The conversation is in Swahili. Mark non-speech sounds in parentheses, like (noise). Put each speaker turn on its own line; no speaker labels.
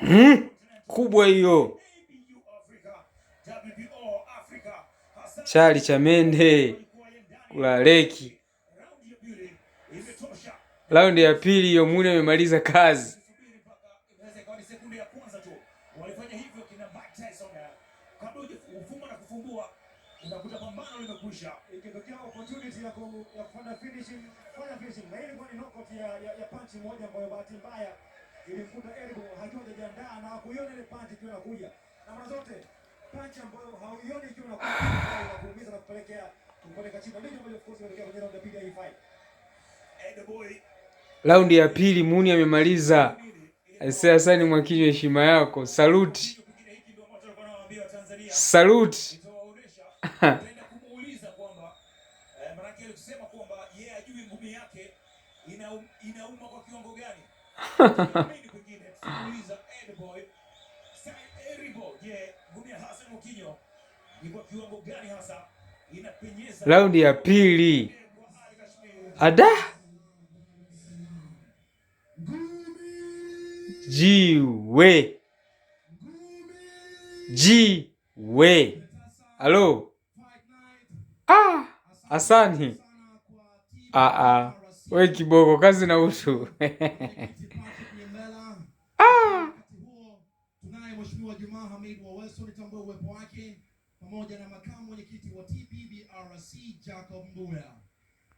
Hmm? Kubwa hiyo chali cha mende leki raundi ya pili hiyo, Muni amemaliza kazi fanya finishing, na ilikuwa ni knockout ya, ya, ya punch moja ambayo bahati mbaya ilimkuta elbow, hakiwa hajajiandaa na hakuiona ile punch ikiwa inakuja, na mara zote punch ambayo hauioni ikiwa inakuja inakuumiza na kupelekea kupeleka chini, ndio of course kuelekea kwenye round ya pili ya hii fight. Raundi ya pili Muni amemaliza. Aisee Hassan Mwakinyo, heshima yako, saluti, saluti. (laughs) maanake ile kwamba yeye ajui ngumi yake inauma kwa kiwango gani. (laughs) Mimi kwingine tuliza Edboy Sai Eribo je, ngumi ya Hassan Mkinyo ni kwa kiwango gani hasa inapenyeza. Raundi ya pili ada jiwe jiwe. Alo ah Asani. Aa, ah, ah. we kiboko kazi na utu. (laughs)
Ah. wake pamoja na Jacob Mbuya.